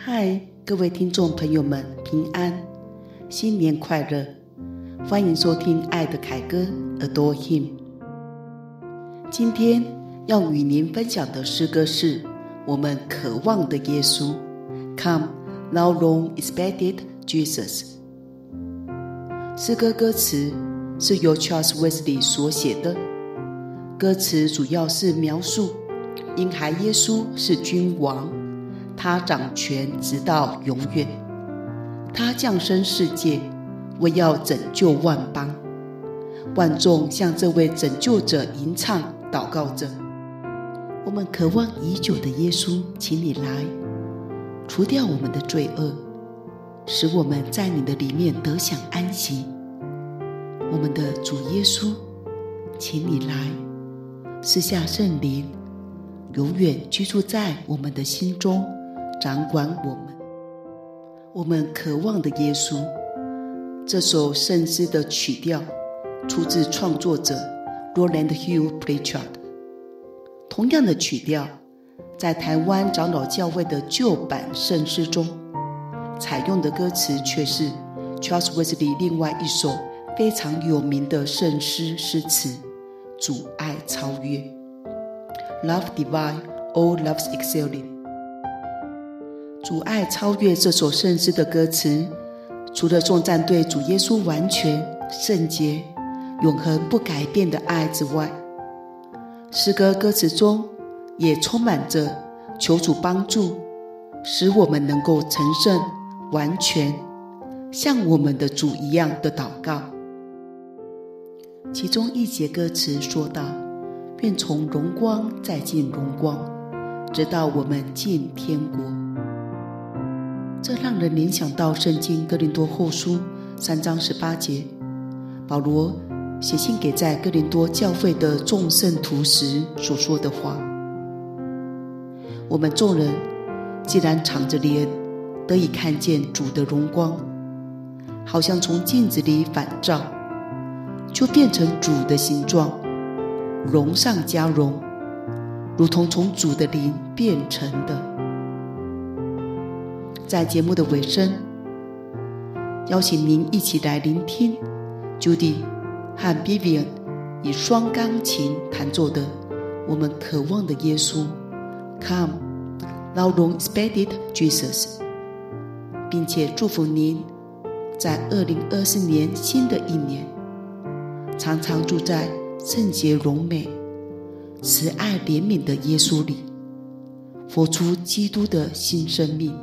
嗨，Hi, 各位聽眾朋友們，平安，新年快樂！歡迎收聽《愛的凱歌》（Adore Him）。今天要與您分享的詩歌是我們渴望的耶穌 （Come, Thou Long-Expected Jesus）。詩歌歌詞是由 Charles Wesley 所寫的，歌詞主要是描述嬰孩耶穌是君王。他掌權直到永遠，他降生世界，為要拯救萬邦。萬眾向這位拯救者吟唱、禱告着：我們渴望已久的耶穌，請你來，除掉我們的罪惡，使我們在你的裡面得享安息。我們的主耶穌，請你來，賜下聖靈，永遠居住在我們的心中。掌管我們，我們渴望的耶穌。這首聖詩的曲調出自創作者 Rowland Hugh Prichard。同樣的曲調，在台灣長老教會的舊版聖詩中，採用的歌詞卻是 Charles Wesley 另外一首非常有名的聖詩詩詞：主愛超越，Love divine, all loves excelling 主愛超越這首聖詩的歌詞，除了頌讚對主耶穌完全聖潔、永恆不改變的愛之外，詩歌歌詞中也充滿着求主幫助，使我們能夠成聖、完全，像我們的主一樣的禱告。其中一節歌詞說道：“便從榮光再進榮光，直到我們進天國。”這讓人聯想到《聖經·哥林多後書》三章十八節，保羅寫信給在哥林多教會的眾聖徒時所說的話：“我們眾人既然敞着臉得以看見主的榮光，好像從鏡子裡反照，就變成主的形狀，榮上加榮，如同從主的靈變成的。”在節目的尾聲，邀請您一起來聆聽 Judy 和 Vivien 以雙鋼琴彈奏的《我們渴望的耶穌》，Come, Thou Long-Expected Jesus，並且祝福您在二零二四年新的一年，常常住在聖潔、榮美、慈愛、憐憫的耶穌裡，活出基督的新生命。